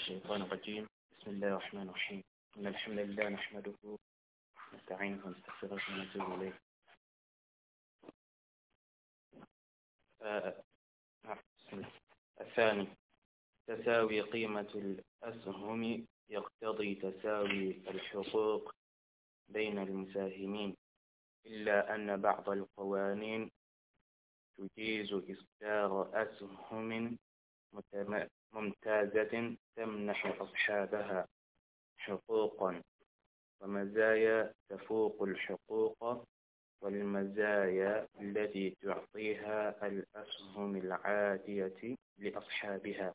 الشيطان الرجيم بسم الله الرحمن الرحيم إن الحمد لله نحمده نستعينه ونستغفره ونتوب إليه آه، الثاني تساوي قيمة الأسهم يقتضي تساوي الحقوق بين المساهمين إلا أن بعض القوانين تجيز إصدار أسهم ممتازة تمنح أصحابها حقوقا ومزايا تفوق الحقوق والمزايا التي تعطيها الأسهم العادية لأصحابها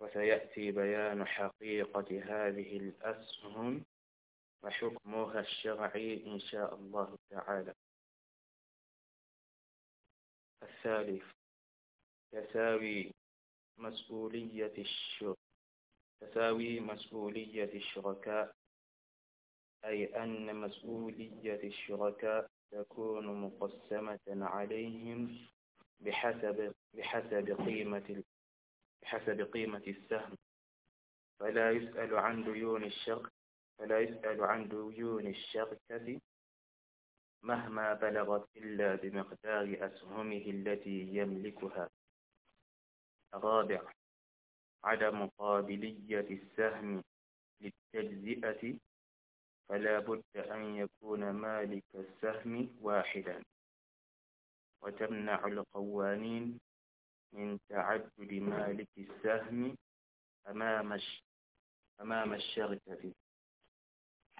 وسيأتي بيان حقيقة هذه الأسهم وحكمها الشرعي إن شاء الله تعالى الثالث تساوي مسؤولية الشرك تساوي مسؤولية الشركاء أي أن مسؤولية الشركاء تكون مقسمة عليهم بحسب بحسب قيمة بحسب قيمة السهم فلا يسأل عن ديون الشركة فلا يسأل عن ديون الشركة مهما بلغت إلا بمقدار أسهمه التي يملكها الرابع عدم قابلية السهم للتجزئة فلا بد أن يكون مالك السهم واحدا وتمنع القوانين من تعدد مالك السهم أمام أمام الشركة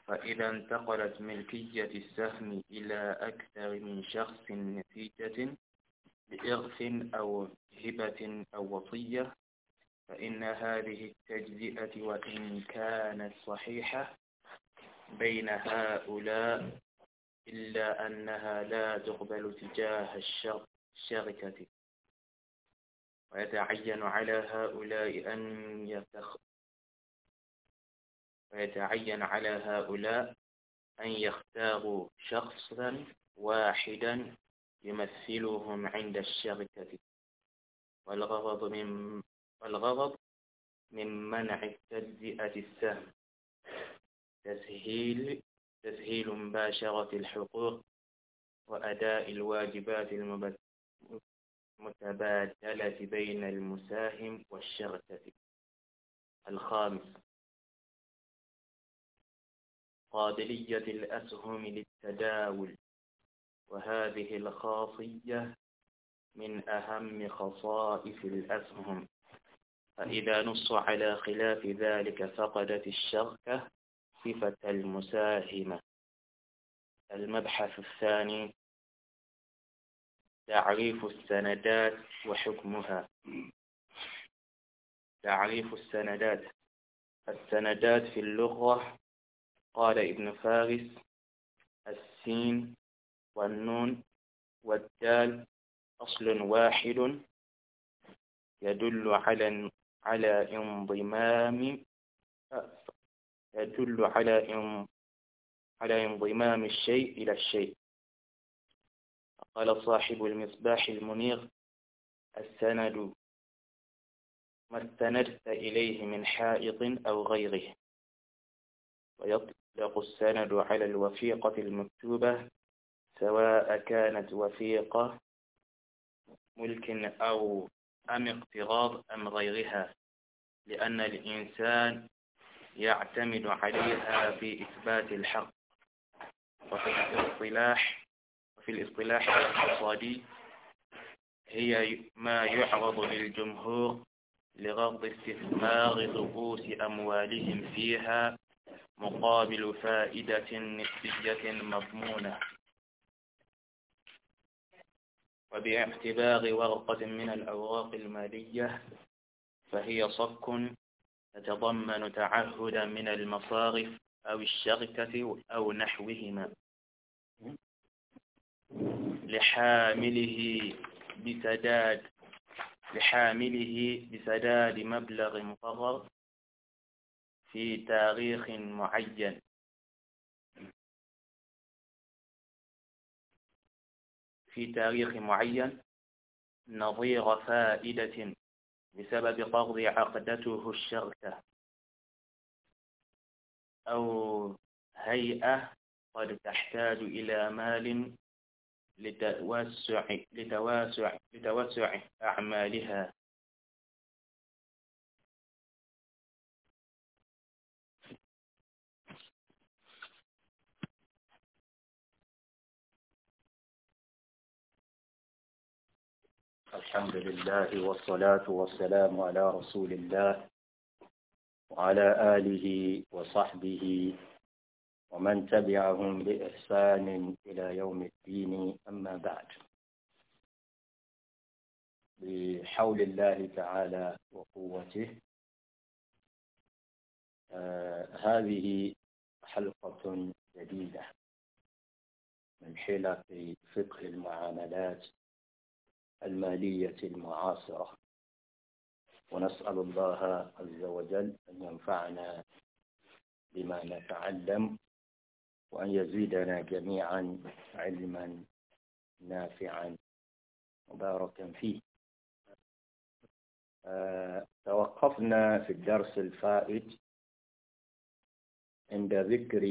فإذا انتقلت ملكية السهم إلى أكثر من شخص نتيجة بإرث أو هبة أو وصية فإن هذه التجزئة وإن كانت صحيحة بين هؤلاء إلا أنها لا تقبل تجاه الشركة ويتعين على هؤلاء أن يتخ... ويتعين على هؤلاء أن يختاروا شخصا واحدا يمثلهم عند الشركة والغضب من والغضب من منع تجزئة السهم تسهيل تسهيل مباشرة الحقوق وأداء الواجبات المتبادلة بين المساهم والشركة الخامس قابلية الأسهم للتداول وهذه الخاصية من أهم خصائص الأسهم فإذا نص على خلاف ذلك فقدت الشركة صفة المساهمة المبحث الثاني تعريف السندات وحكمها تعريف السندات السندات في اللغة قال ابن فارس السين والنون والدال أصل واحد يدل على على انضمام يدل على على انضمام الشيء إلى الشيء قال صاحب المصباح المنير السند ما استندت إليه من حائط أو غيره ويطلق السند على الوثيقة المكتوبة سواء كانت وثيقة ملك أو أم اقتراض أم غيرها لأن الإنسان يعتمد عليها في إثبات الحق وفي الاصطلاح وفي الاصطلاح الاقتصادي هي ما يعرض للجمهور لغرض استثمار رؤوس أموالهم فيها مقابل فائدة نسبية مضمونة وباعتبار ورقة من الأوراق المالية فهي صك يتضمن تعهدا من المصارف أو الشركة أو نحوهما لحامله بسداد لحامله بسداد مبلغ مقرر في تاريخ معين في تاريخ معين نظير فائدة بسبب قرض عقدته الشركة أو هيئة قد تحتاج إلى مال لتوسع, لتوسع, لتوسع أعمالها الحمد لله والصلاة والسلام على رسول الله وعلى آله وصحبه ومن تبعهم بإحسان إلى يوم الدين أما بعد بحول الله تعالى وقوته آه هذه حلقة جديدة من حلق فقه المعاملات المالية المعاصرة ونسأل الله عز وجل أن ينفعنا بما نتعلم وأن يزيدنا جميعا علما نافعا مباركا فيه أه توقفنا في الدرس الفائت عند ذكر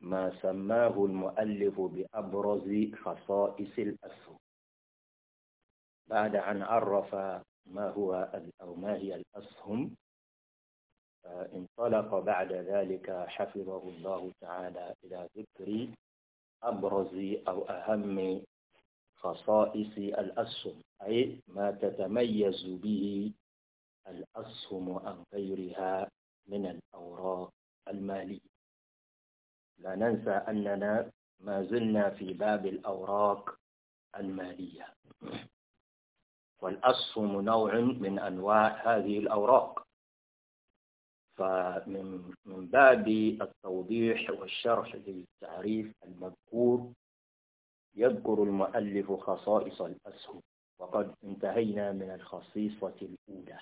ما سماه المؤلف بأبرز خصائص الأسهم بعد أن عرف ما هو أو ما هي الأسهم آه، انطلق بعد ذلك حفظه الله تعالى إلى ذكر أبرز أو أهم خصائص الأسهم أي ما تتميز به الأسهم عن غيرها من الأوراق المالية لا ننسى أننا ما زلنا في باب الأوراق المالية والأسهم نوع من أنواع هذه الأوراق فمن من باب التوضيح والشرح للتعريف المذكور يذكر المؤلف خصائص الأسهم وقد انتهينا من الخصيصة الأولى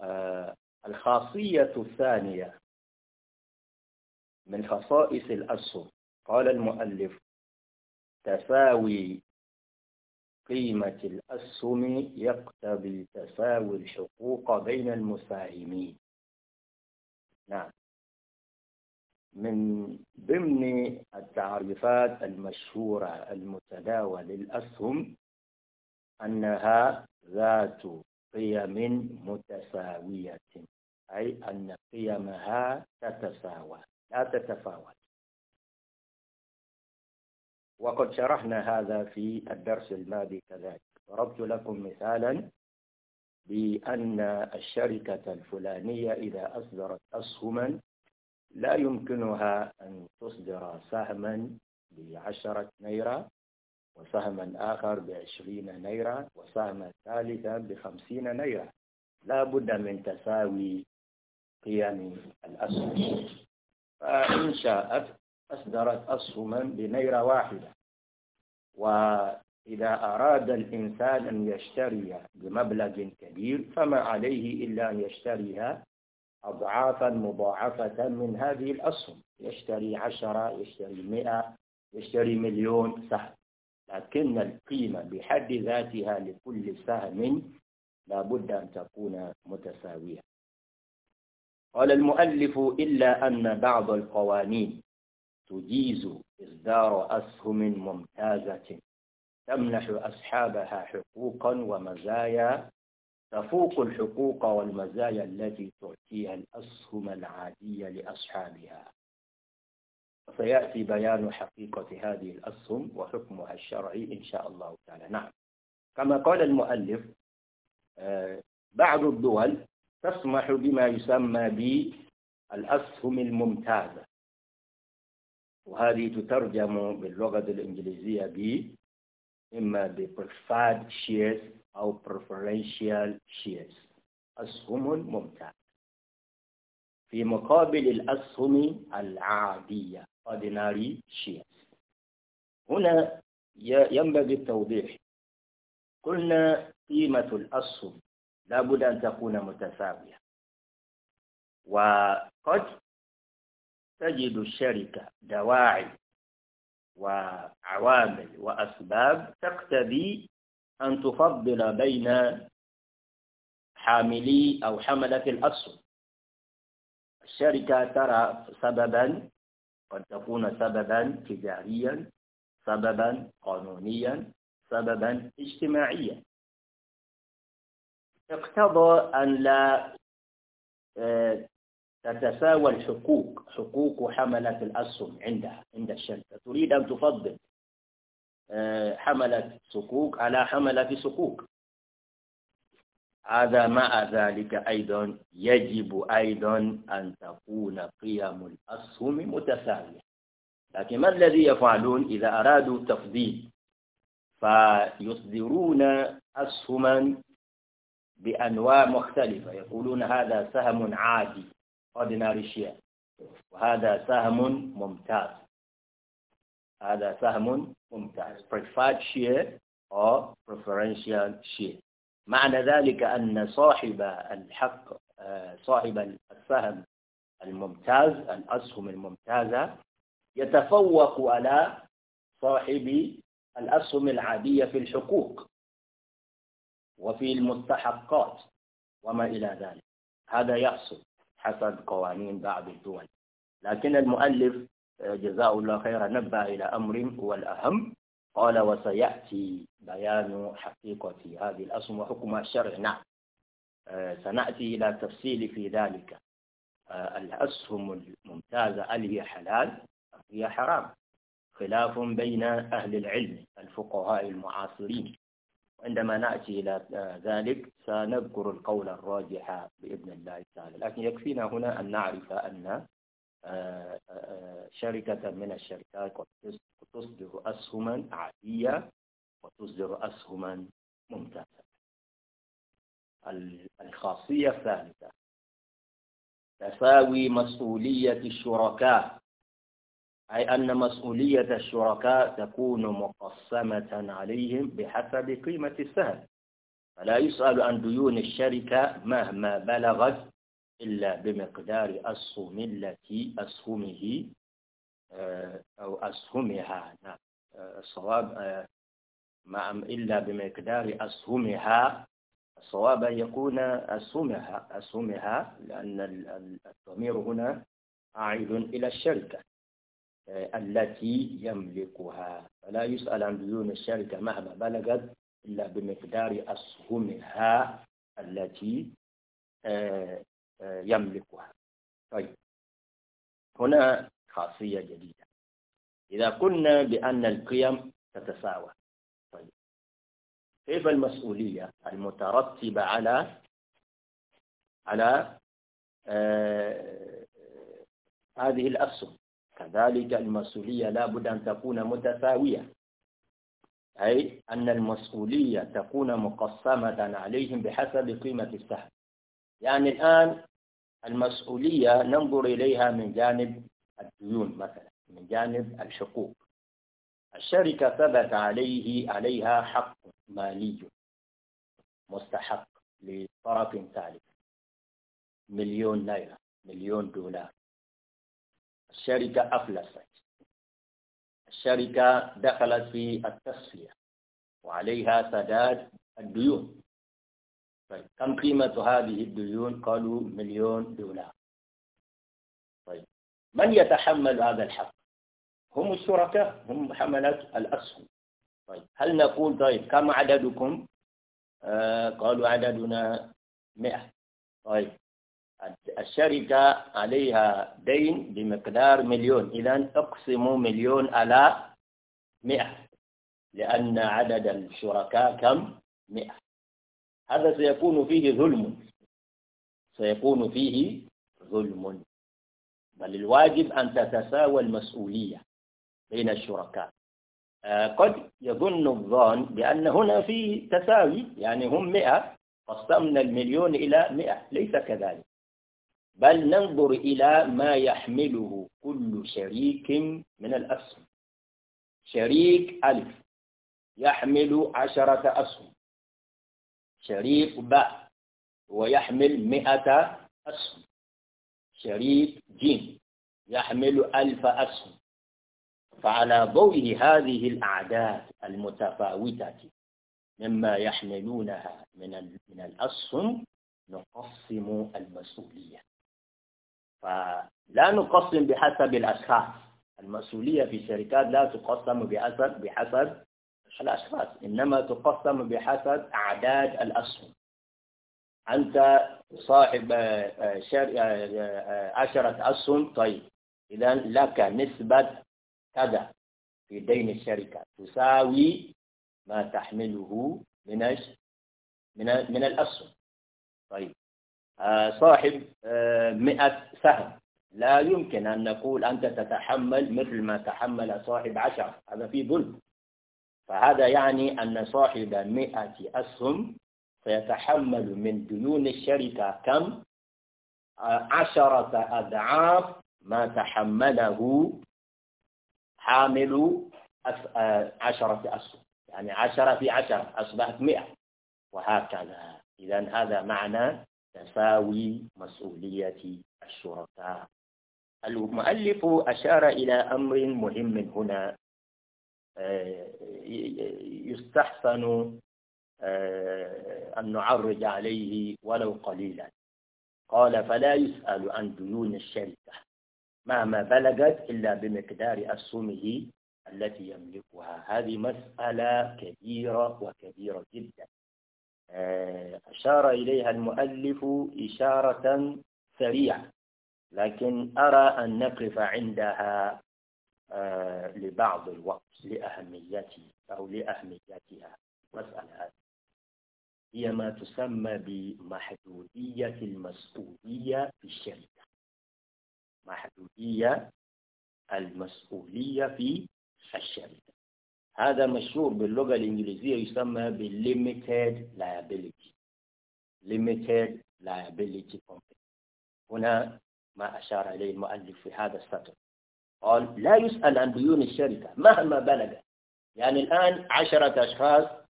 آه، الخاصية الثانية من خصائص الأسهم قال المؤلف تساوي قيمة الأسهم يقتضي تساوي الحقوق بين المساهمين نعم من ضمن التعريفات المشهورة المتداولة للأسهم أنها ذات قيم متساوية أي أن قيمها تتساوى تتفاوت وقد شرحنا هذا في الدرس الماضي كذلك ضربت لكم مثالا بأن الشركة الفلانية إذا أصدرت أسهما لا يمكنها أن تصدر سهما بعشرة نيرة وسهما آخر بعشرين نيرة وسهما ثالثا بخمسين نيرة لا بد من تساوي قيم الأسهم فإن شاءت أصدرت أسهما بنيرة واحدة وإذا أراد الإنسان أن يشتري بمبلغ كبير فما عليه إلا أن يشتريها أضعافا مضاعفة من هذه الأسهم يشتري عشرة يشتري مئة يشتري مليون سهم لكن القيمة بحد ذاتها لكل سهم لابد أن تكون متساوية قال المؤلف إلا أن بعض القوانين تجيز إصدار أسهم ممتازة تمنح أصحابها حقوقا ومزايا تفوق الحقوق والمزايا التي تعطيها الأسهم العادية لأصحابها وسيأتي بيان حقيقة هذه الأسهم وحكمها الشرعي إن شاء الله تعالى نعم كما قال المؤلف آه، بعض الدول تسمح بما يسمى بالأسهم الممتازة وهذه تترجم باللغة الإنجليزية ب إما بpreferred shares أو preferential shares أسهم ممتازة في مقابل الأسهم العادية ordinary shares هنا ينبغي التوضيح قلنا قيمة الأسهم لا بد أن تكون متساوية وقد تجد الشركة دواعي وعوامل وأسباب تقتضي أن تفضل بين حاملي أو حملة الأسهم الشركة ترى سببا قد تكون سببا تجاريا سببا قانونيا سببا اجتماعيا اقتضى أن لا آه، تتساوى الحقوق حقوق حملة الأسهم عندها عند الشركة تريد أن تفضل آه، حملة سقوق على حملة سقوق هذا مع ذلك أيضا يجب أيضا أن تكون قيم الأسهم متساوية لكن ما الذي يفعلون إذا أرادوا تفضيل فيصدرون أسهما بأنواع مختلفة يقولون هذا سهم عادي ordinary share وهذا سهم ممتاز هذا سهم ممتاز preferred share or preferential share معنى ذلك أن صاحب الحق صاحب السهم الممتاز الأسهم الممتازة يتفوق على صاحب الأسهم العادية في الحقوق وفي المستحقات وما إلى ذلك هذا يحصل حسب قوانين بعض الدول لكن المؤلف جزاه الله خيرا نبه إلى أمر هو الأهم قال وسيأتي بيان حقيقة هذه الأسهم وحكم الشرع نعم سنأتي إلى تفصيل في ذلك الأسهم الممتازة هل هي حلال أم هي حرام خلاف بين أهل العلم الفقهاء المعاصرين عندما نأتي إلى ذلك سنذكر القول الراجح بإذن الله تعالى لكن يكفينا هنا أن نعرف أن آه، آه، شركة من الشركات قد تصدر أسهما عادية وتصدر أسهما ممتازة الخاصية الثالثة تساوي مسؤولية الشركاء أي أن مسؤولية الشركاء تكون مقسمة عليهم بحسب قيمة السهم فلا يسأل عن ديون الشركة مهما بلغت إلا بمقدار أسهم أسهمه آه، أو أسهمها نعم. آه، الصواب آه، إلا بمقدار أسهمها الصواب أن يكون أسهمها أسهمها لأن الضمير هنا عائد إلى الشركة آه، التي يملكها فلا يسأل عن ديون الشركة مهما بلغت إلا بمقدار أسهمها التي آه، آه، يملكها طيب هنا خاصية جديدة إذا قلنا بأن القيم تتساوى طيب كيف المسؤولية المترتبة على على هذه الأسهم كذلك المسؤولية لا بد أن تكون متساوية أي أن المسؤولية تكون مقسمة عليهم بحسب قيمة السهم يعني الآن المسؤولية ننظر إليها من جانب الديون مثلا من جانب الحقوق الشركة ثبت عليه عليها حق مالي مستحق لطرف ثالث مليون ليرة مليون دولار الشركة أفلست الشركة دخلت في التصفية وعليها سداد الديون طيب كم قيمة هذه الديون قالوا مليون دولار طيب من يتحمل هذا الحق هم الشركاء هم حملة الأسهم طيب هل نقول طيب كم عددكم آه قالوا عددنا مئة طيب الشركة عليها دين بمقدار مليون إذا اقسموا مليون على مئة لأن عدد الشركاء كم مئة هذا سيكون فيه ظلم سيكون فيه ظلم بل الواجب أن تتساوى المسؤولية بين الشركاء آه، قد يظن الظان بأن هنا في تساوي يعني هم مئة قسمنا المليون إلى مئة ليس كذلك بل ننظر إلى ما يحمله كل شريك من الأسهم شريك ألف يحمل عشرة أسهم شريك باء ويحمل مئة أسهم شريك جيم يحمل ألف أسهم فعلى ضوء هذه الأعداد المتفاوتة مما يحملونها من من الأسهم نقسم المسؤولية فلا نقسم بحسب الأشخاص المسؤولية في الشركات لا تقسم بحسب بحسب الأشخاص إنما تقسم بحسب أعداد الأسهم أنت صاحب آه، آه، آه، عشرة أسهم طيب إذا لك نسبة كذا في دين الشركة تساوي ما تحمله من من من الأسهم طيب آه، صاحب آه، مئة سهم لا يمكن أن نقول أنت تتحمل مثل ما تحمل صاحب عشر هذا في ظلم فهذا يعني أن صاحب مئة أسهم سيتحمل من ديون الشركة كم آه، عشرة أضعاف ما تحمله حامل عشرة أسهم يعني عشرة في عشرة أصبحت مئة وهكذا إذا هذا معنى تساوي مسؤولية الشركاء المؤلف أشار إلى أمر مهم هنا آه، يستحسن آه، أن نعرج عليه ولو قليلا قال فلا يسأل عن ديون الشركة مهما بلغت إلا بمقدار أسهمه التي يملكها هذه مسألة كبيرة وكبيرة جدا أشار إليها المؤلف إشارة سريعة لكن أرى أن نقف عندها آه، لبعض الوقت لأهميتها أو لأهميتها مسألة هذه هي ما تسمى بمحدودية المسؤولية في الشركة محدودية المسؤولية في الشركة هذا مشهور باللغة الإنجليزية يسمى بالليميتد liability limited liability كومباني هنا ما أشار إليه المؤلف في هذا السطر قال لا يسأل عن ديون الشركة مهما بلغت يعني الآن عشرة أشخاص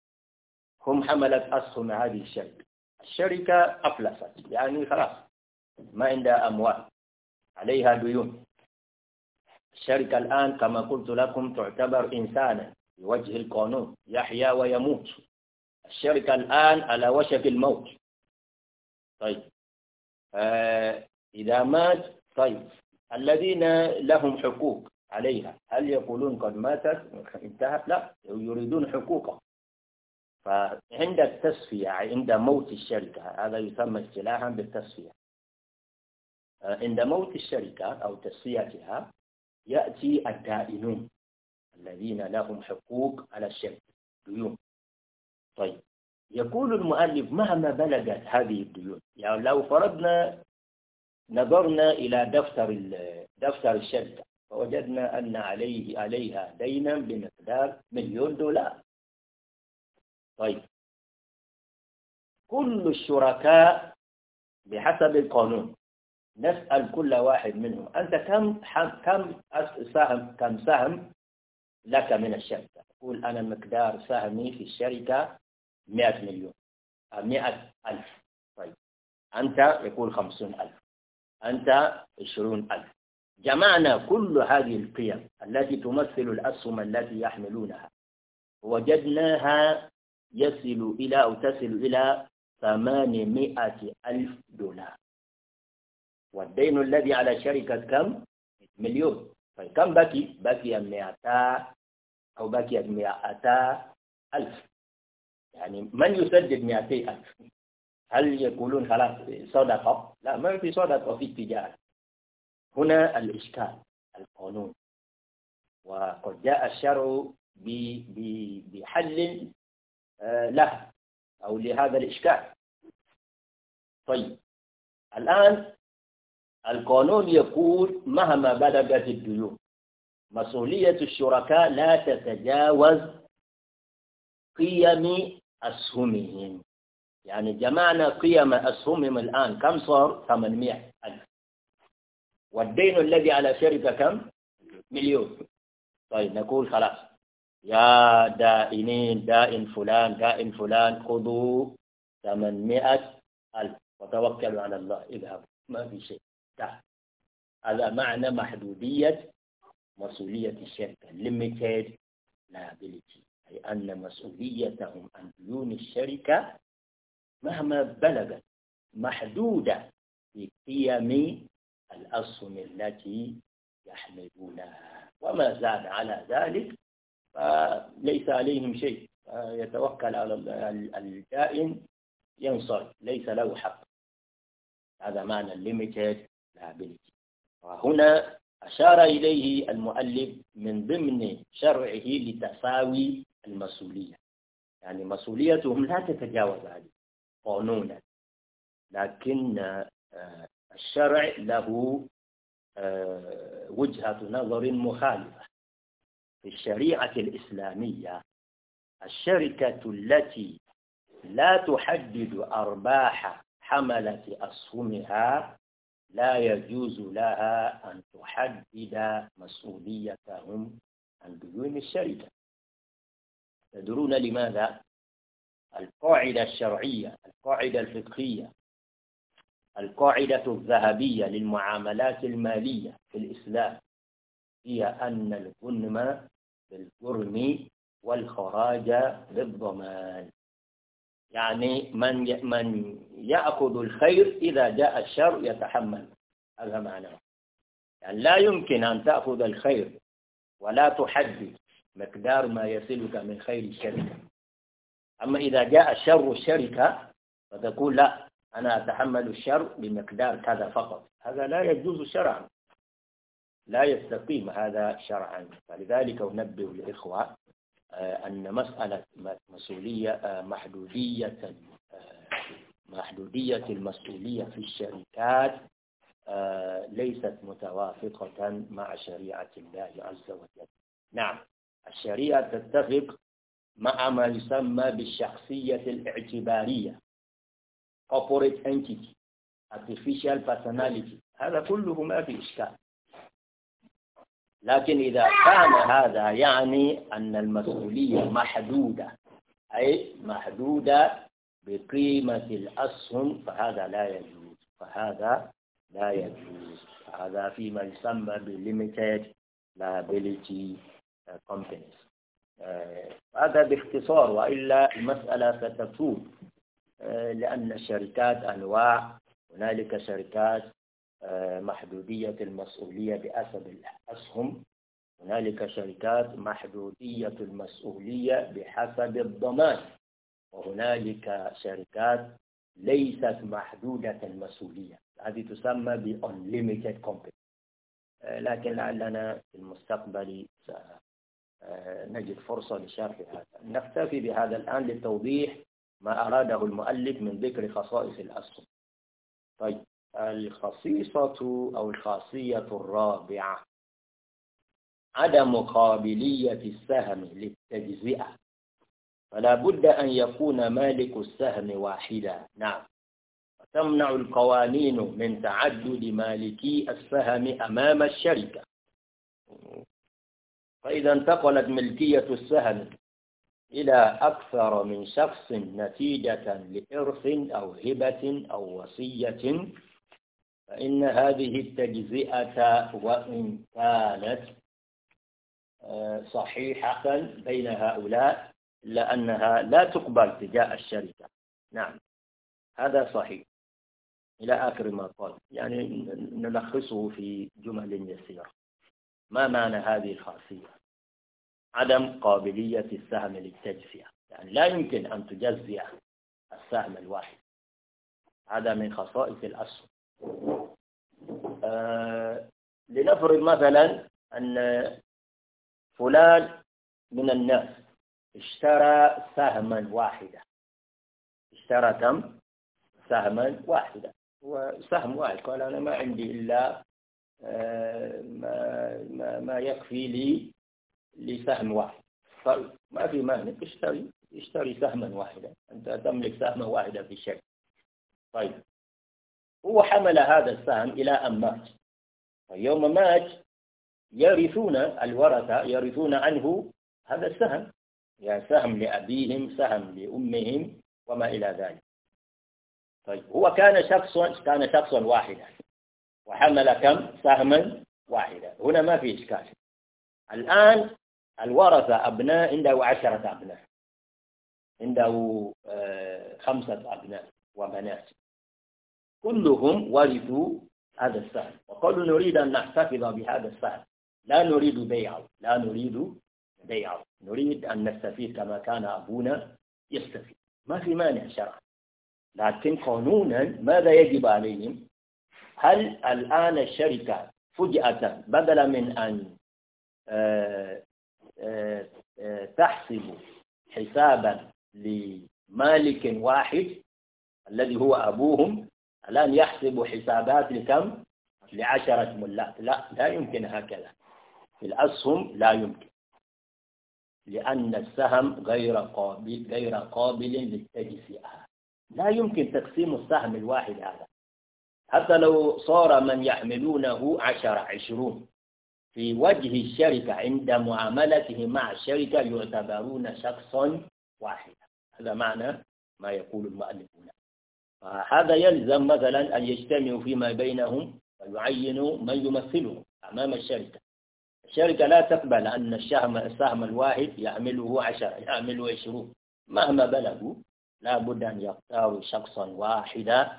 هم حملة أسهم هذه الشركة الشركة أفلست يعني خلاص ما عندها أموال عليها ديون الشركة الآن كما قلت لكم تعتبر إنسانا بوجه القانون يحيا ويموت الشركة الآن على وشك الموت طيب آه إذا مات طيب الذين لهم حقوق عليها هل يقولون قد ماتت انتهت لا يريدون حقوقها فعند التصفية عند موت الشركة هذا يسمى اصطلاحا بالتصفية آه، عند موت الشركة أو تصفيتها يأتي الدائنون الذين لهم حقوق على الشرك ديون طيب يقول المؤلف مهما بلغت هذه الديون يعني لو فرضنا نظرنا إلى دفتر دفتر الشركة فوجدنا أن عليه عليها دينا بمقدار مليون دولار طيب كل الشركاء بحسب القانون نسأل كل واحد منهم أنت كم كم ساهم كم سهم لك من الشركة قول أنا مقدار سهمي في الشركة 100 مليون 100 ألف طيب أنت يقول 50 ألف أنت 20 ألف جمعنا كل هذه القيم التي تمثل الأسهم التي يحملونها وجدناها يصل إلى أو تصل إلى 800 ألف دولار والدين الذي على شركة كم؟ مليون طيب كم بقي؟ بقي 200 أو بقي 200 ألف يعني من يسدد 200 ألف؟ هل يقولون خلاص صدقة؟ لا ما في صدقة في التجارة هنا الإشكال القانون وقد جاء الشرع بحل آه، له أو لهذا الإشكال طيب الآن القانون يقول مهما بلغت الديون مسؤولية الشركاء لا تتجاوز قيم أسهمهم يعني جمعنا قيم أسهمهم الآن كم صار 800 ألف والدين الذي على شركة كم مليون طيب نقول خلاص يا دائنين دائن فلان دائن فلان خذوا 800 ألف وتوكلوا على الله اذهبوا ما في شيء تحت هذا معنى محدودية مسؤولية الشركة limited liability أي أن مسؤوليتهم عن ديون الشركة مهما بلغت محدودة في قيم الأسهم التي يحملونها وما زاد على ذلك فليس عليهم شيء يتوكل على الدائن ينصر ليس له حق هذا معنى limited المتابعة وهنا أشار إليه المؤلف من ضمن شرعه لتساوي المسؤولية يعني مسؤوليتهم لا تتجاوز هذه قانونا لكن آه، الشرع له آه، وجهة نظر مخالفة في الشريعة الإسلامية الشركة التي لا تحدد أرباح حملة أسهمها لا يجوز لها أن تحدد مسؤوليتهم عن ديون الشركة تدرون لماذا؟ القاعدة الشرعية القاعدة الفقهية القاعدة الذهبية للمعاملات المالية في الإسلام هي أن الغنم بالجرم والخراج بالضمان يعني من من يأخذ الخير إذا جاء الشر يتحمل هذا معناه يعني لا يمكن أن تأخذ الخير ولا تحدد مقدار ما يصلك من خير الشركة أما إذا جاء شر الشركة فتقول لا أنا أتحمل الشر بمقدار كذا فقط هذا لا يجوز شرعا لا يستقيم هذا شرعا فلذلك أنبه الإخوة آه، أن مسألة مسؤولية آه، محدودية آه، محدودية المسؤولية في الشركات ليست متوافقة مع شريعة الله عز وجل نعم الشريعة تتفق مع ما يسمى بالشخصية الاعتبارية corporate entity artificial personality هذا كله ما في إشكال لكن إذا كان هذا يعني أن المسؤولية محدودة أي محدودة بقيمة الأسهم فهذا لا يجوز فهذا لا يجوز هذا فيما يسمى بالليميتد liability companies هذا باختصار وإلا المسألة ستطول لأن الشركات أنواع هنالك شركات محدودية المسؤولية بحسب الأسهم هنالك شركات محدودية المسؤولية بحسب الضمان وهنالك شركات ليست محدودة المسؤولية هذه تسمى ب unlimited company لكن لعلنا في المستقبل نجد فرصة لشرح هذا نكتفي بهذا الآن للتوضيح ما أراده المؤلف من ذكر خصائص الأسهم طيب الخصيصة أو الخاصية الرابعة عدم قابلية السهم للتجزئة فلا بد أن يكون مالك السهم واحدا نعم وتمنع القوانين من تعدد مالكي السهم أمام الشركة فإذا انتقلت ملكية السهم إلى أكثر من شخص نتيجة لإرث أو هبة أو وصية فإن هذه التجزئة وإن كانت آه، صحيحة بين هؤلاء إلا أنها لا تقبل تجاه الشركة نعم هذا صحيح إلى آخر ما قال يعني نلخصه في جمل يسيرة ما معنى هذه الخاصية عدم قابلية السهم للتجزئة يعني لا يمكن أن تجزئ السهم الواحد هذا من خصائص الأسهم آه، لنفرض مثلا أن فلان من الناس اشترى سهما واحدا اشترى كم سهما واحدا وسهم واحد قال أنا ما عندي إلا آه، ما, ما, ما يكفي لي لسهم واحد طيب ما في مانع اشتري اشتري سهما واحدا أنت تملك سهما واحدا في الشركة طيب هو حمل هذا السهم إلى أن مات يوم مات يرثون الورثة يرثون عنه هذا السهم يعني سهم لأبيهم سهم لأمهم وما إلى ذلك طيب هو كان شخصا كان شخصا واحدا وحمل كم سهما واحدا هنا ما في إشكال الآن الورثة أبناء عنده عشرة أبناء عنده آه، خمسة أبناء وبنات كلهم ورثوا هذا السهم وقالوا نريد أن نحتفظ بهذا السهم لا نريد بيعه لا نريد بيعه نريد أن نستفيد كما كان أبونا يستفيد ما في مانع شرعا لكن قانونا ماذا يجب عليهم هل الآن الشركة فجأة بدلا من أن آه، آه، آه، تحسب حسابا لمالك واحد الذي هو أبوهم الآن يحسب حسابات لكم لعشرة ملاك لا لا يمكن هكذا في الأسهم لا يمكن لأن السهم غير قابل غير قابل للتجزئة لا يمكن تقسيم السهم الواحد هذا حتى لو صار من يحملونه عشرة عشرون في وجه الشركة عند معاملته مع الشركة يعتبرون شخصا واحدا هذا معنى ما يقول المؤلف هنا هذا يلزم مثلا أن يجتمعوا فيما بينهم ويعينوا من يمثلهم أمام الشركة الشركة لا تقبل أن السهم السهم الواحد يعمله عشرة يعمله عشرون مهما بلغوا لا بد أن يختاروا شخصا واحدا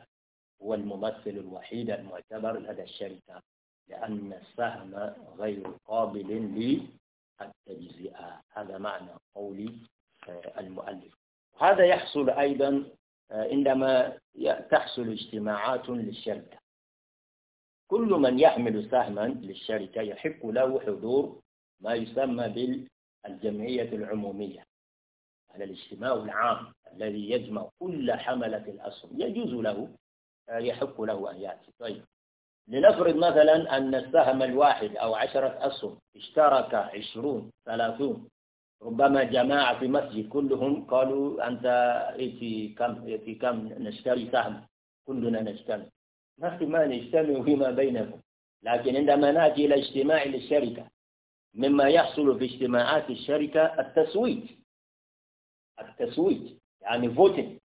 هو الممثل الوحيد المعتبر لدى الشركة لأن السهم غير قابل للتجزئة هذا معنى قول المؤلف هذا يحصل أيضا آه، عندما تحصل اجتماعات للشركة كل من يحمل سهما للشركة يحق له حضور ما يسمى بالجمعية العمومية على الاجتماع العام الذي يجمع كل حملة الأسهم يجوز له آه، يحق له أن يأتي طيب لنفرض مثلا أن السهم الواحد أو عشرة أسهم اشترك عشرون ثلاثون ربما جماعة في مسجد كلهم قالوا أنت في كم في كم نشتري سهم كلنا نجتمع ما في ما نجتمع فيما بينكم لكن عندما نأتي إلى اجتماع للشركة مما يحصل في اجتماعات الشركة التصويت التصويت يعني فوتين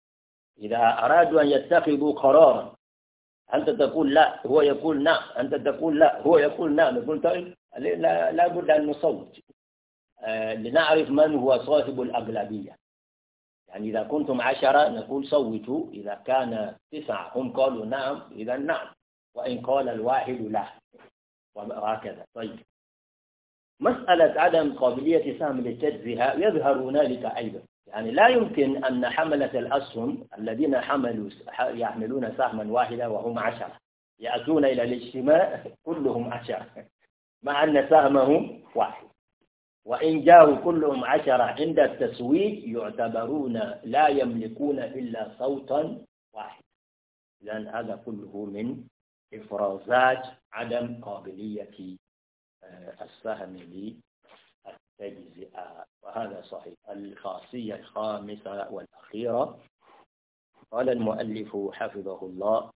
إذا أرادوا أن يتخذوا قرارا أنت تقول لا هو يقول نعم أنت تقول لا هو يقول نعم يقول طيب لا بد أن نصوت آه، لنعرف من هو صاحب الأغلبية يعني إذا كنتم عشرة نقول صوتوا إذا كان تسعة هم قالوا نعم إذا نعم وإن قال الواحد لا وهكذا طيب مسألة عدم قابلية سهم للتجزئة يظهر هنالك أيضا يعني لا يمكن أن حملة الأسهم الذين حملوا يحملون سهما واحدا وهم عشرة يأتون إلى الاجتماع كلهم عشرة مع أن سهمهم واحد وإن جاءوا كلهم عشرة عند التسويق يعتبرون لا يملكون إلا صوتا واحدا لأن هذا كله من إفرازات عدم قابلية آه، السهم للتجزئة وهذا صحيح الخاصية الخامسة والأخيرة قال المؤلف حفظه الله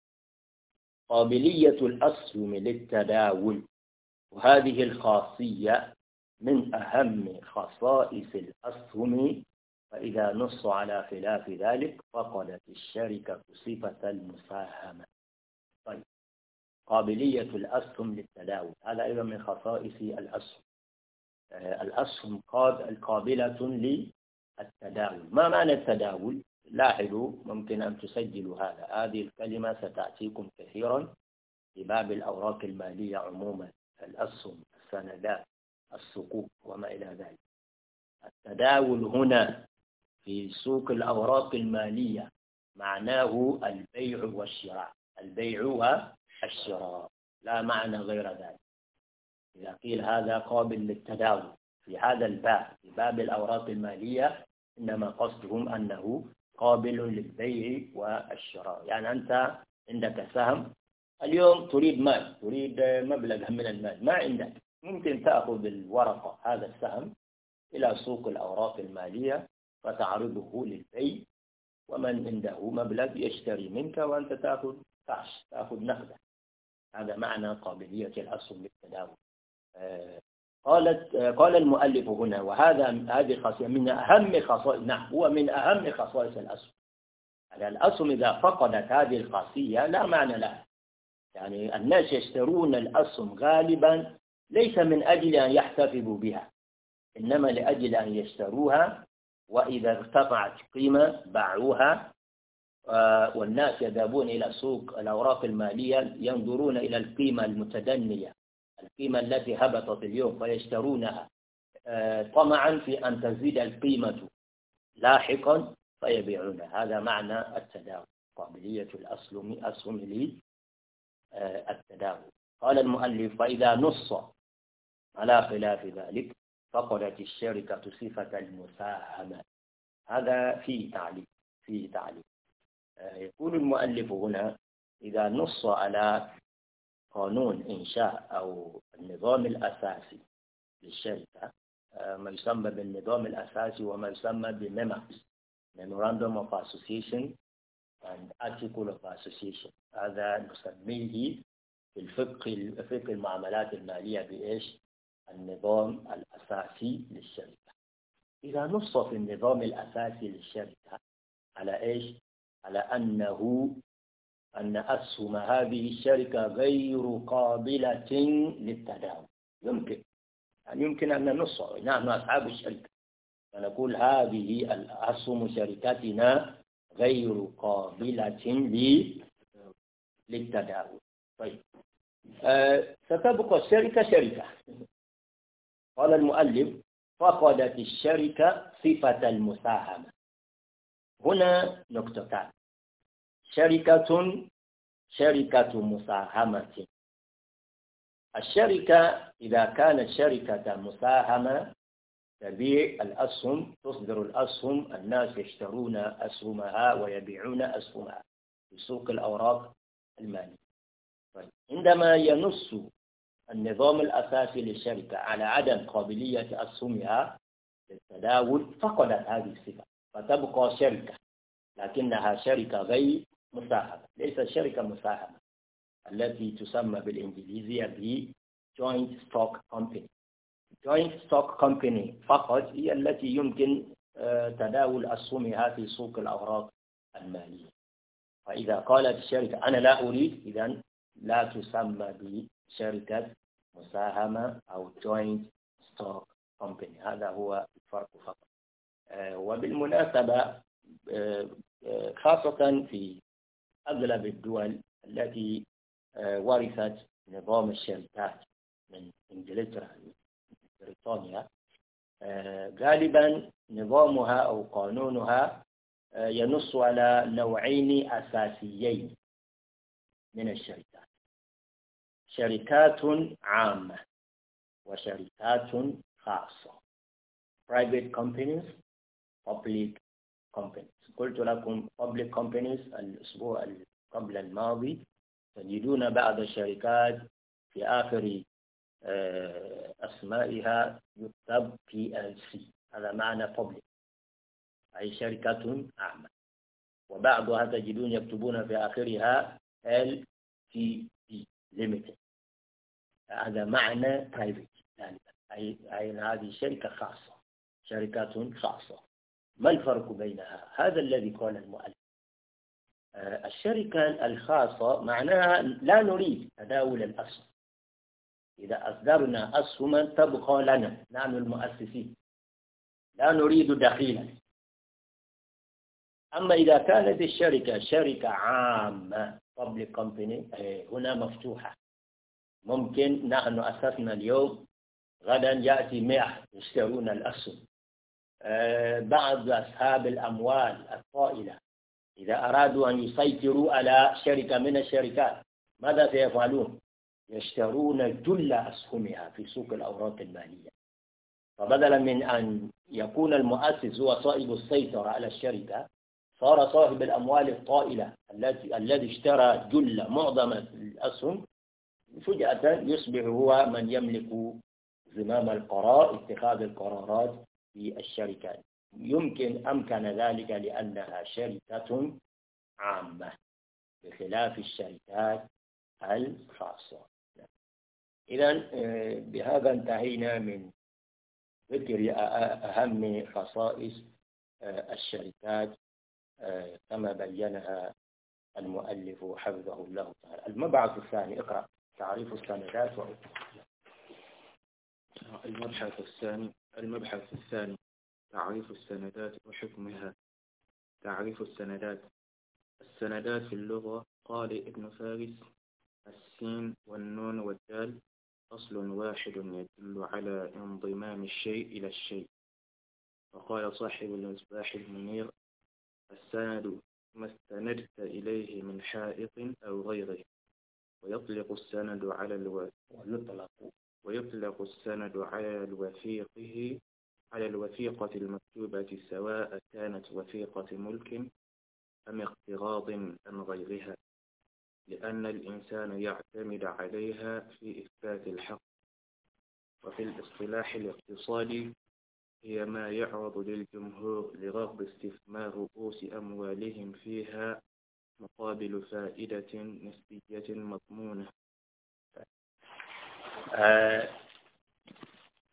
قابلية الأسهم للتداول وهذه الخاصية من أهم خصائص الأسهم فإذا نص على خلاف ذلك فقدت الشركة صفة المساهمة طيب قابلية الأسهم للتداول هذا أيضا من خصائص الأسهم آه، الأسهم قابلة للتداول ما معنى التداول؟ لاحظوا ممكن أن تسجلوا هذا هذه الكلمة ستأتيكم كثيرا في باب الأوراق المالية عموما الأسهم السندات السقوط وما إلى ذلك التداول هنا في سوق الأوراق المالية معناه البيع والشراء البيع والشراء لا معنى غير ذلك إذا قيل هذا قابل للتداول في هذا الباب في باب الأوراق المالية إنما قصدهم أنه قابل للبيع والشراء يعني أنت عندك سهم اليوم تريد مال تريد مبلغ من المال ما عندك ممكن تأخذ الورقة هذا السهم إلى سوق الأوراق المالية فتعرضه للبيع ومن عنده مبلغ يشتري منك وأنت تأخذ كاش تأخذ نقدا هذا معنى قابلية الأسهم للتداول آه، قالت آه، قال المؤلف هنا وهذا هذه خاصية من أهم خصائص نعم هو من أهم خصائص الأسهم يعني الأسهم إذا فقدت هذه الخاصية لا معنى لها يعني الناس يشترون الأسهم غالبا ليس من أجل أن يحتفظوا بها إنما لأجل أن يشتروها وإذا ارتفعت قيمة باعوها آه، والناس يذهبون إلى سوق الأوراق المالية ينظرون إلى القيمة المتدنية القيمة التي هبطت اليوم فيشترونها آه، طمعا في أن تزيد القيمة لاحقا فيبيعونها هذا معنى التداول قابلية الأسهم للتداول قال المؤلف فإذا نص على خلاف ذلك فقدت الشركة صفة المساهمة هذا فيه تعليق فيه تعليق آه، يقول المؤلف هنا إذا نص على قانون إنشاء أو النظام الأساسي للشركة آه، ما يسمى بالنظام الأساسي وما يسمى بميماكس Memorandum of Association and Article of Association هذا نسميه في الفقه فقه المعاملات المالية بإيش؟ النظام الأساسي للشركة إذا نص في النظام الأساسي للشركة على إيش؟ على أنه أن أسهم هذه الشركة غير قابلة للتداول يمكن يعني يمكن أن ننص نحن أصحاب الشركة فنقول هذه الأسهم شركتنا غير قابلة للتداول طيب أه ستبقى الشركة شركة قال المؤلف فقدت الشركة صفة المساهمة هنا نقطتان شركة شركة مساهمة الشركة إذا كانت شركة مساهمة تبيع الأسهم تصدر الأسهم الناس يشترون أسهمها ويبيعون أسهمها في سوق الأوراق المالية طيب، عندما ينص النظام الأساسي للشركة على عدم قابلية أسهمها للتداول فقدت هذه الصفة فتبقى شركة لكنها شركة غير مساهمة ليست شركة مساهمة التي تسمى بالإنجليزية ب Joint Stock Company Joint Stock Company فقط هي التي يمكن آه، تداول أسهمها في سوق الأوراق المالية فإذا قالت الشركة أنا لا أريد إذا لا تسمى شركة مساهمة أو joint stock company هذا هو الفرق فقط آه، وبالمناسبة آه، آه، خاصة في أغلب الدول التي ورثت نظام الشركات من إنجلترا بريطانيا غالبا نظامها أو قانونها ينص على نوعين أساسيين من الشركة شركات عامة وشركات خاصة private companies public companies قلت لكم public companies الأسبوع قبل الماضي تجدون بعض الشركات في آخر آه، أسمائها يكتب PLC هذا معنى public أي شركة عامة وبعضها تجدون يكتبون في آخرها LTD Limited هذا معنى برايفت يعني أي هذه شركة خاصة شركات خاصة ما الفرق بينها هذا الذي قال المؤلف آه، الشركة الخاصة معناها لا نريد تداول الأسهم إذا أصدرنا أسهما تبقى لنا نحن المؤسسين لا نريد دخيلا أما إذا كانت الشركة شركة عامة public company آه، هنا مفتوحة ممكن نحن أسسنا اليوم غدا يأتي مئة يشترون الأسهم آه، بعض أصحاب الأموال الطائلة إذا أرادوا أن يسيطروا على شركة من الشركات ماذا سيفعلون؟ يشترون جل أسهمها في سوق الأوراق المالية فبدلا من أن يكون المؤسس هو صاحب السيطرة على الشركة صار صاحب الأموال الطائلة التي الذي اشترى جل معظم الأسهم فجأة يصبح هو من يملك زمام القرار اتخاذ القرارات في الشركات يمكن أمكن ذلك لأنها شركة عامة بخلاف الشركات الخاصة إذا آه، بهذا انتهينا من ذكر أهم خصائص آه، الشركات آه، كما بينها المؤلف حفظه الله تعالى المبعث الثاني اقرأ تعريف السندات وحكمها المبحث الثاني المبحث الثاني تعريف السندات وحكمها تعريف السندات السندات في اللغة قال ابن فارس السين والنون والدال أصل واحد يدل على انضمام الشيء إلى الشيء وقال صاحب المصباح المنير السند ما استندت إليه من حائط أو غيره ويطلق السند على الو... ويطلق ويطلق السند على الوثيقه على الوثيقة المكتوبة سواء كانت وثيقة ملك أم اقتراض أم غيرها لأن الإنسان يعتمد عليها في إثبات الحق وفي الاصطلاح الاقتصادي هي ما يعرض للجمهور لرغب استثمار رؤوس أموالهم فيها مقابل فائدة نسبية مضمونة آه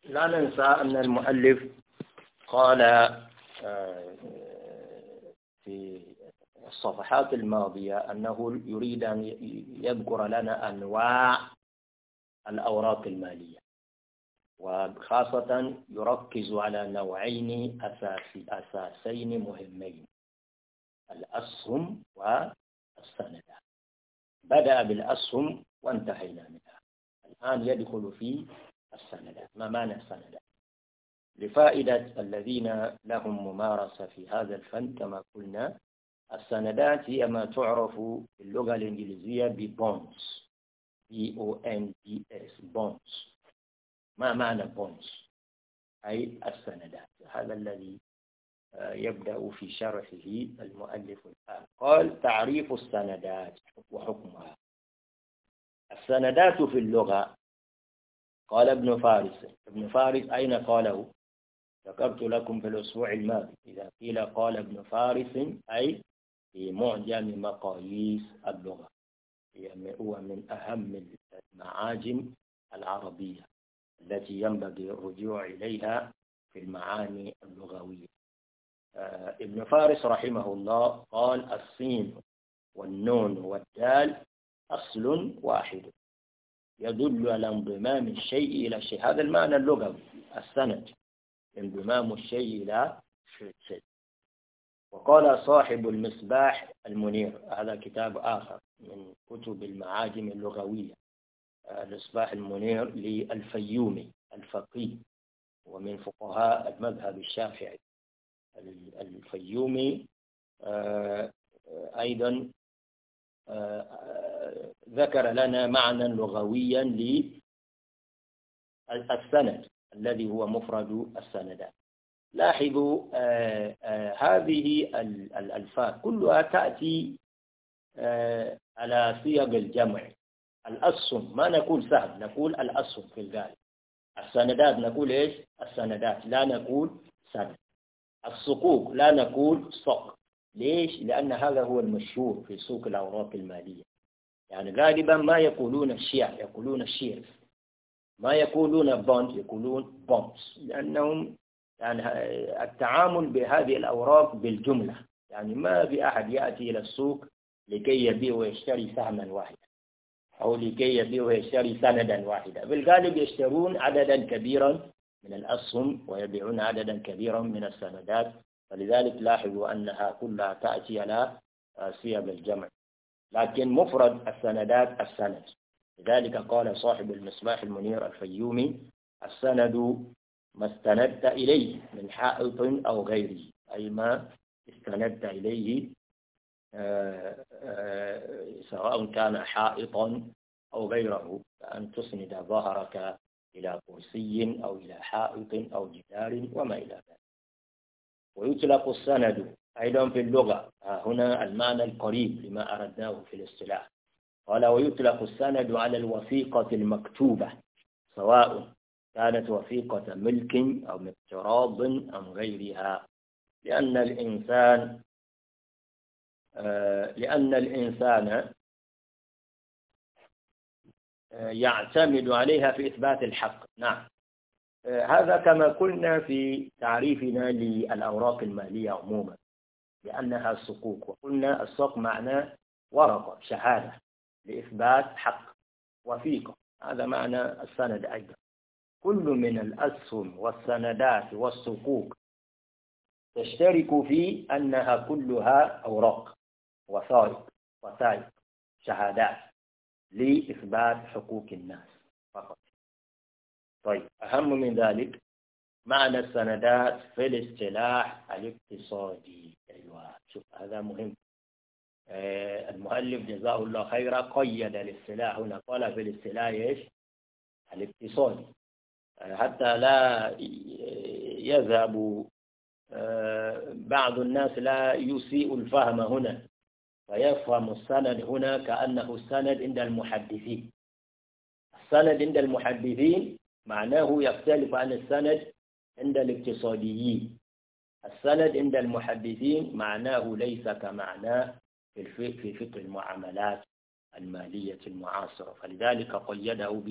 لا ننسى أن المؤلف قال آه في الصفحات الماضية أنه يريد أن يذكر لنا أنواع الأوراق المالية وخاصة يركز على نوعين أساسي أساسين مهمين الأسهم والسندات بدأ بالأسهم وانتهينا منها الآن يدخل في السندات ما معنى السندات لفائدة الذين لهم ممارسة في هذا الفن كما قلنا السندات هي ما تعرف باللغة الإنجليزية ببونز B O N D S بونز ما معنى بونز أي السندات هذا الذي يبدأ في شرحه المؤلف الآن قال تعريف السندات وحكمها السندات في اللغة قال ابن فارس ابن فارس أين قاله ذكرت لكم في الأسبوع الماضي إذا قيل قال ابن فارس أي في معجم مقاييس اللغة هو من أهم المعاجم العربية التي ينبغي الرجوع إليها في المعاني اللغوية آه، ابن فارس رحمه الله قال الصين والنون والدال أصل واحد يدل على انضمام الشيء إلى شيء هذا المعنى اللغوي السند انضمام الشيء إلى شيء وقال صاحب المصباح المنير هذا كتاب آخر من كتب المعاجم اللغوية آه، المصباح المنير للفيومي الفقيه ومن فقهاء المذهب الشافعي الفيومي آه، أيضا آه، ذكر لنا معنى لغويا للسند الذي هو مفرد السندات لاحظوا آه، هذه الألفاظ كلها تأتي على صيغ الجمع الأسهم ما نقول سهم نقول الأسهم في الغالب السندات نقول إيش السندات لا نقول سند السقوق لا نقول سق ليش؟ لأن هذا هو المشهور في سوق الأوراق المالية يعني غالبا ما يقولون الشيع يقولون الشير ما يقولون بوند يقولون بونس لأنهم يعني التعامل بهذه الأوراق بالجملة يعني ما في أحد يأتي إلى السوق لكي يبيع ويشتري سهما واحدا أو لكي يبيع ويشتري سندا واحدا بالغالب يشترون عددا كبيرا من الأسهم ويبيعون عددا كبيرا من السندات فلذلك لاحظوا أنها كلها تأتي على سياق آه، الجمع لكن مفرد السندات السند لذلك قال صاحب المصباح المنير الفيومي السند ما استندت إليه من حائط أو غيره أي ما استندت إليه آه، آه، سواء كان حائطا أو غيره أن تسند ظهرك إلى كرسي أو إلى حائط أو جدار وما إلى ذلك ويطلق السند أيضا في اللغة هنا المعنى القريب لما أردناه في الاصطلاح قال ويطلق السند على الوثيقة المكتوبة سواء كانت وثيقة ملك أو اقتراض أم غيرها لأن الإنسان آه، لأن الإنسان يعتمد عليها في إثبات الحق نعم آه، هذا كما قلنا في تعريفنا للأوراق المالية عموما لأنها الصكوك وقلنا الصك معناه ورقة شهادة لإثبات حق وثيقة هذا معنى السند أيضا كل من الأسهم والسندات والصكوك تشترك في أنها كلها أوراق وثائق وثائق شهادات لإثبات حقوق الناس فقط طيب أهم من ذلك معنى السندات في الاصطلاح الاقتصادي أيوة شوف هذا مهم آه المؤلف جزاه الله خيرا قيد الاصطلاح هنا قال في الاصطلاح ايش؟ الاقتصادي آه حتى لا يذهب آه بعض الناس لا يسيء الفهم هنا فيفهم السند هنا كأنه السند عند المحدثين السند عند المحدثين معناه يختلف عن السند عند الاقتصاديين السند عند المحدثين معناه ليس كمعنى في في فقه المعاملات المالية المعاصرة فلذلك قيده ب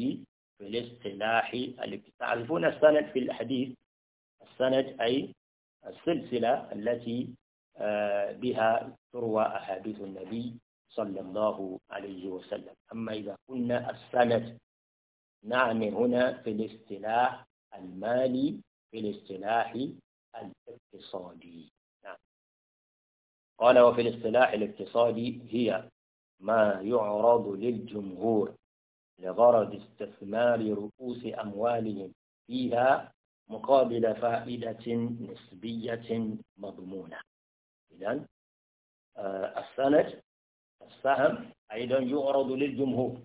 في الاصطلاح تعرفون السند في الحديث السند أي السلسلة التي آه، بها تروى أحاديث النبي صلى الله عليه وسلم أما إذا قلنا السند نعم هنا في الاصطلاح المالي في الاصطلاح الاقتصادي نعم. قال وفي الاصطلاح الاقتصادي هي ما يعرض للجمهور لغرض استثمار رؤوس أموالهم فيها مقابل فائدة نسبية مضمونة إذن آه، السند السهم أيضا يعرض للجمهور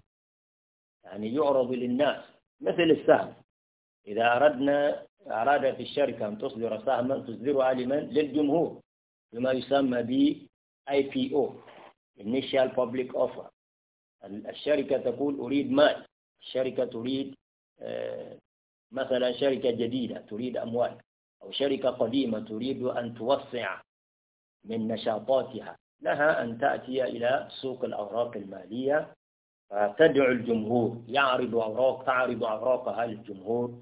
يعني يعرض للناس مثل السهم إذا أردنا أرادت الشركة أن تصدر سهما تصدرها لمن؟ للجمهور بما يسمى ب IPO Initial Public Offer الشركة تقول أريد مال الشركة تريد آه، مثلا شركة جديدة تريد أموال أو شركة قديمة تريد أن توسع من نشاطاتها لها أن تأتي إلى سوق الأوراق المالية تدعو الجمهور يعرض أوراق تعرض أوراقها للجمهور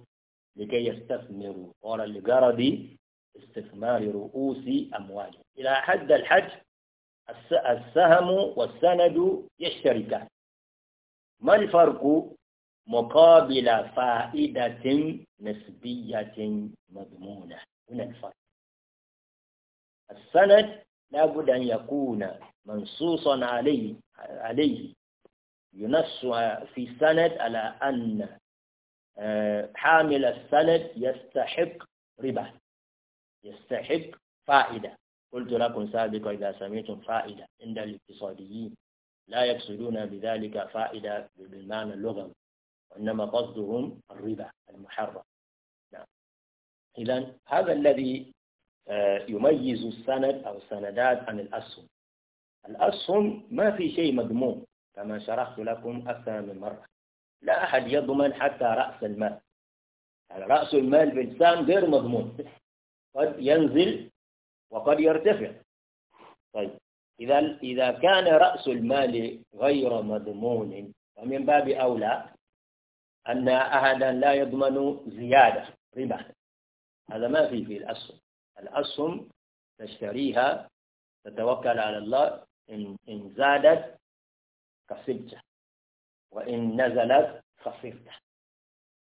لكي يستثمروا ورا لجرد استثمار رؤوس أموالهم إلى حد الحج السهم والسند يشتركان ما الفرق مقابل فائدة نسبية مضمونة هنا الفرق السند لابد أن يكون منصوصا عليه عليه ينص في السند على أن آه، حامل السند يستحق ربا يستحق فائدة قلت لكم سابقا إذا سمعتم فائدة عند الاقتصاديين لا يقصدون بذلك فائدة بالمعنى اللغوي وإنما قصدهم الربا المحرم نعم إذا هذا الذي آه، يميز السند أو السندات عن الأسهم الأسهم ما في شيء مضمون كما شرحت لكم أكثر من مرة لا أحد يضمن حتى رأس المال يعني رأس المال بالسهم غير مضمون قد ينزل وقد يرتفع طيب إذا إذا كان رأس المال غير مضمون فمن باب أولى أن أحدا لا يضمن زيادة ربا هذا ما في في الأسهم الأسهم تشتريها تتوكل على الله إن, إن زادت كسبت وإن نزلت خسرته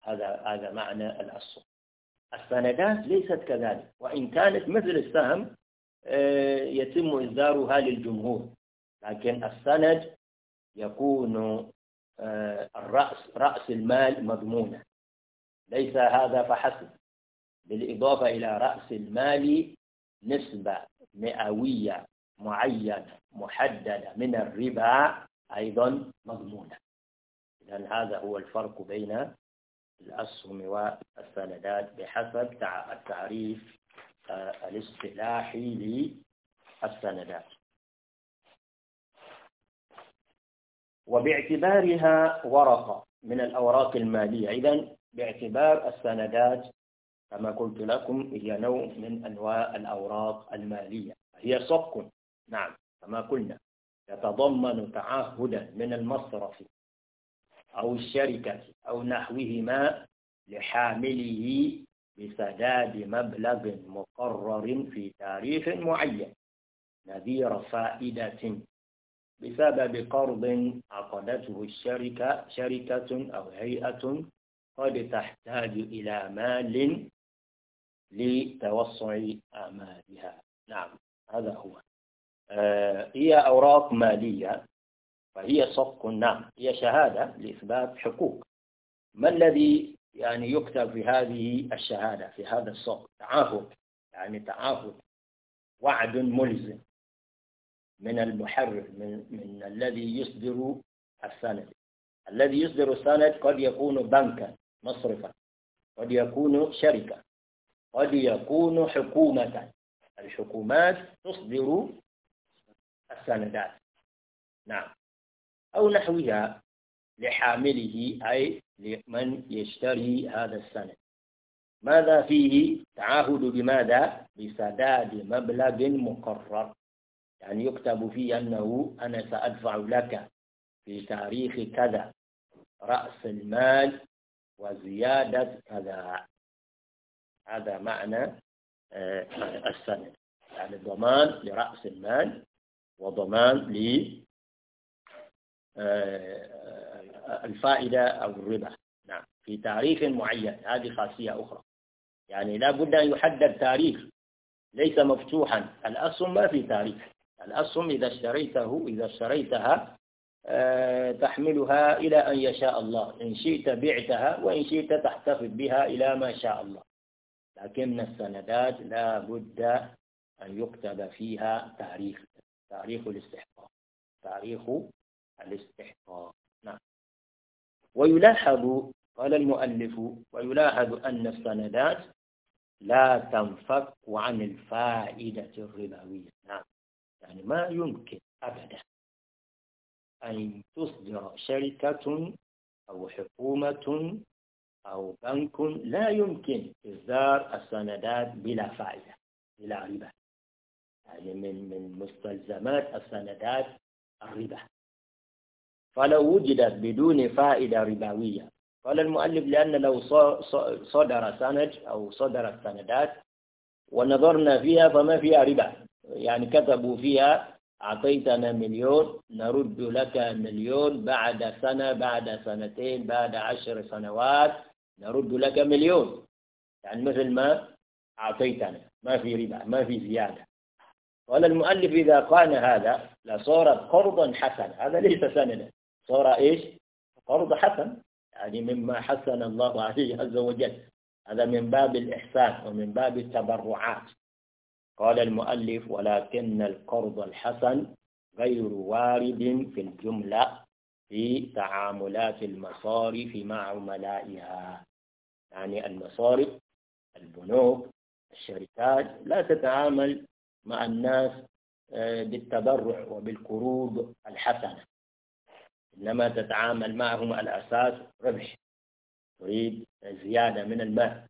هذا هذا معنى الأسهم السندات ليست كذلك وإن كانت مثل السهم آه، يتم إصدارها للجمهور لكن السند يكون آه، الرأس رأس المال مضمونة ليس هذا فحسب بالإضافة إلى رأس المال نسبة مئوية معينة محددة من الربا أيضا مضمونة إذا هذا هو الفرق بين الأسهم والسندات بحسب التعريف آه، الاصطلاحي للسندات وباعتبارها ورقة من الأوراق المالية إذا باعتبار السندات كما قلت لكم هي نوع من أنواع الأوراق المالية هي صك نعم كما قلنا يتضمن تعهدا من المصرف أو الشركة أو نحوهما لحامله بسداد مبلغ مقرر في تاريخ معين نذير فائدة بسبب قرض عقدته الشركة شركة أو هيئة قد تحتاج إلى مال لتوسع أعمالها نعم هذا هو آه، هي أوراق مالية فهي صفق نعم هي شهادة لإثبات حقوق ما الذي يعني يكتب في هذه الشهادة في هذا الصفق تعاهد يعني تعاهد وعد ملزم من المحرر من, من الذي يصدر السند الذي يصدر السند قد يكون بنكا مصرفا قد يكون شركة قد يكون حكومة الحكومات تصدر السندات نعم أو نحوها لحامله أي لمن يشتري هذا السند ماذا فيه تعهد بماذا بسداد مبلغ مقرر يعني يكتب فيه أنه أنا سأدفع لك في تاريخ كذا رأس المال وزيادة كذا هذا معنى آه، السند يعني ضمان لرأس المال وضمان ل آه، الفائدة أو الربا نعم في تاريخ معين هذه خاصية أخرى يعني لا بد أن يحدد تاريخ ليس مفتوحا الأسهم ما في تاريخ الأسهم إذا اشتريته إذا اشتريتها آه، تحملها إلى أن يشاء الله إن شئت بعتها وإن شئت تحتفظ بها إلى ما شاء الله لكن السندات لا بد أن يكتب فيها تاريخ تاريخ الاستحقاق تاريخ الاستحقاق نعم ويلاحظ قال المؤلف ويلاحظ أن السندات لا تنفك عن الفائدة الربوية نعم يعني ما يمكن أبدا أن تصدر شركة أو حكومة أو بنك لا يمكن إصدار السندات بلا فائدة بلا ربا يعني من من مستلزمات السندات الربا فلو وجدت بدون فائدة ربوية قال المؤلف لأن لو صدر سند أو صدرت سندات ونظرنا فيها فما فيها ربا يعني كتبوا فيها أعطيتنا مليون نرد لك مليون بعد سنة بعد سنتين بعد عشر سنوات نرد لك مليون يعني مثل ما أعطيتنا ما في ربا ما في زيادة قال المؤلف إذا قال هذا لصار قرضا حسنا هذا ليس سننا صار إيش قرض حسن يعني مما حسن الله عليه عز وجل هذا من باب الإحسان ومن باب التبرعات قال المؤلف ولكن القرض الحسن غير وارد في الجملة في تعاملات المصارف مع عملائها يعني المصارف البنوك الشركات لا تتعامل مع الناس آه، بالتبرع وبالقروض الحسنة إنما تتعامل معهم على أساس ربح تريد زيادة من المال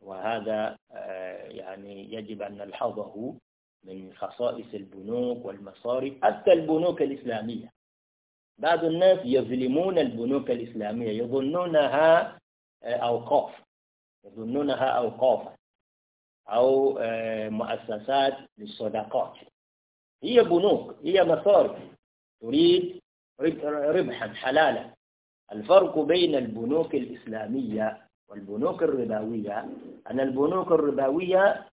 وهذا آه، يعني يجب أن نلحظه من خصائص البنوك والمصارف حتى البنوك الإسلامية بعض الناس يظلمون البنوك الإسلامية يظنونها آه، أوقاف يظنونها أوقافا أو آه، مؤسسات للصدقات هي بنوك هي مصارف تريد ربحا حلالا الفرق بين البنوك الإسلامية والبنوك الربوية أن البنوك الربوية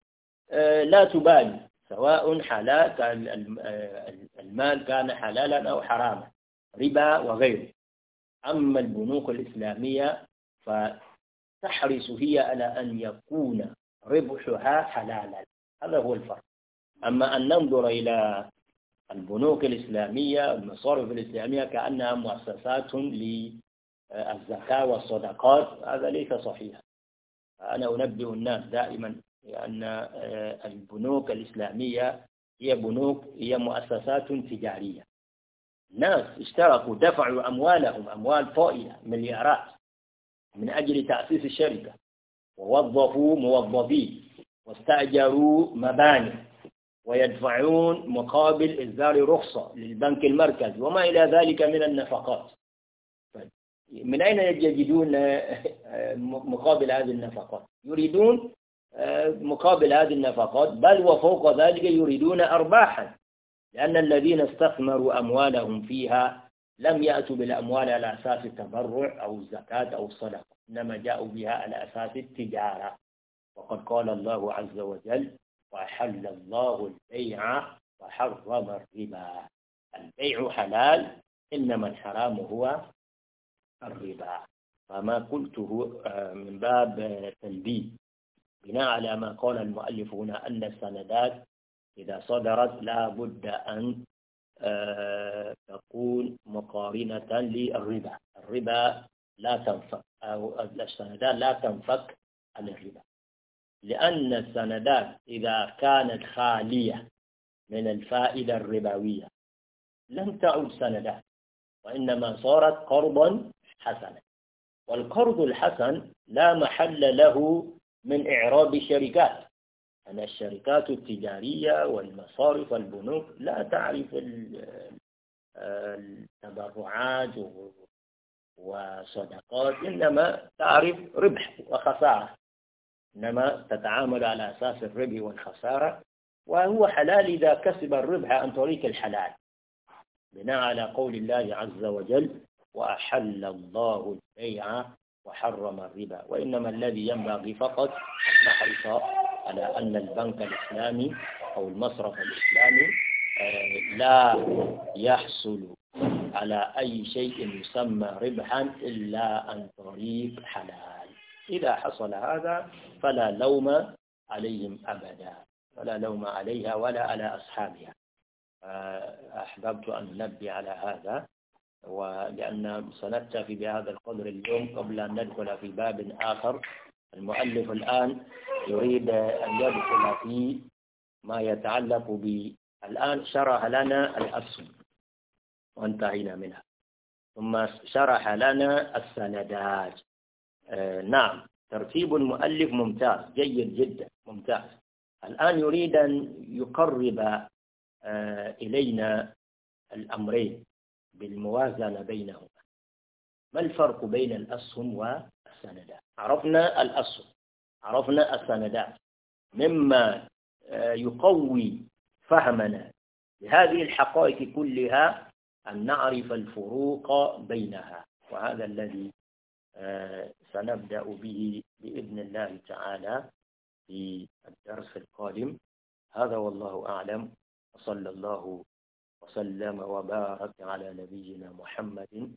آه، لا تبالي سواء حلال المال كان حلالا أو حراما ربا وغيره أما البنوك الإسلامية فتحرص هي على أن يكون ربحها حلالا هذا هو الفرق أما أن ننظر إلى البنوك الإسلامية المصارف الإسلامية كأنها مؤسسات للزكاة والصدقات هذا ليس صحيحا أنا أنبه الناس دائما لأن آه، البنوك الإسلامية هي بنوك هي مؤسسات تجارية ناس اشتركوا دفعوا أموالهم أموال طائلة مليارات من أجل تأسيس الشركة ووظفوا موظفين واستأجروا مباني ويدفعون مقابل إصدار رخصة للبنك المركزي وما إلى ذلك من النفقات من أين يجدون مقابل هذه النفقات يريدون مقابل هذه النفقات بل وفوق ذلك يريدون أرباحا لأن الذين استثمروا أموالهم فيها لم يأتوا بالأموال على أساس التبرع أو الزكاة أو الصدقة إنما جاءوا بها على أساس التجارة وقد قال الله عز وجل وأحل الله البيع وحرم الربا البيع حلال إنما الحرام هو الربا فما قلته آه، من باب تنبيه بناء على ما قال المؤلف هنا أن السندات إذا صدرت لا بد أن آه، تكون مقارنة للربا الربا لا تنفك أو السندات لا تنفك عن الربا لأن السندات إذا كانت خالية من الفائدة الربوية لم تعد سندات وإنما صارت قرضا حسنا والقرض الحسن لا محل له من إعراب الشركات أن الشركات التجارية والمصارف والبنوك لا تعرف التبرعات وصدقات إنما تعرف ربح وخسارة إنما تتعامل على أساس الربح والخسارة وهو حلال إذا كسب الربح عن طريق الحلال بناء على قول الله عز وجل وأحل الله البيع وحرم الربا وإنما الذي ينبغي فقط نحرص على أن البنك الإسلامي أو المصرف الإسلامي آه، لا يحصل على أي شيء يسمى ربحا إلا عن طريق حلال إذا حصل هذا فلا لوم عليهم أبدا ولا لوم عليها ولا على أصحابها آه، أحببت أن انبه على هذا ولأن سنكتفي بهذا القدر اليوم قبل أن ندخل في باب آخر المؤلف الآن يريد أن يدخل في ما يتعلق ب الآن شرح لنا الأصل وانتهينا منها ثم شرح لنا السندات آه نعم ترتيب المؤلف ممتاز جيد جدا ممتاز الآن يريد أن يقرب آه إلينا الأمرين بالموازنة بينهما ما الفرق بين الأسهم والسندات عرفنا الأصل عرفنا السندات مما آه، يقوي فهمنا لهذه الحقائق كلها أن نعرف الفروق بينها وهذا الذي آه، سنبدأ به بإذن الله تعالى في الدرس القادم هذا والله أعلم وصلى الله وسلم وبارك على نبينا محمد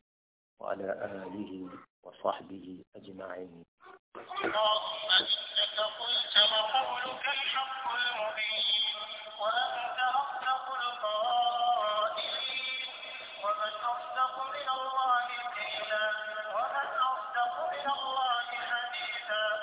وعلى آله وصحبه أجمعين اللهم إنك قلت وقولك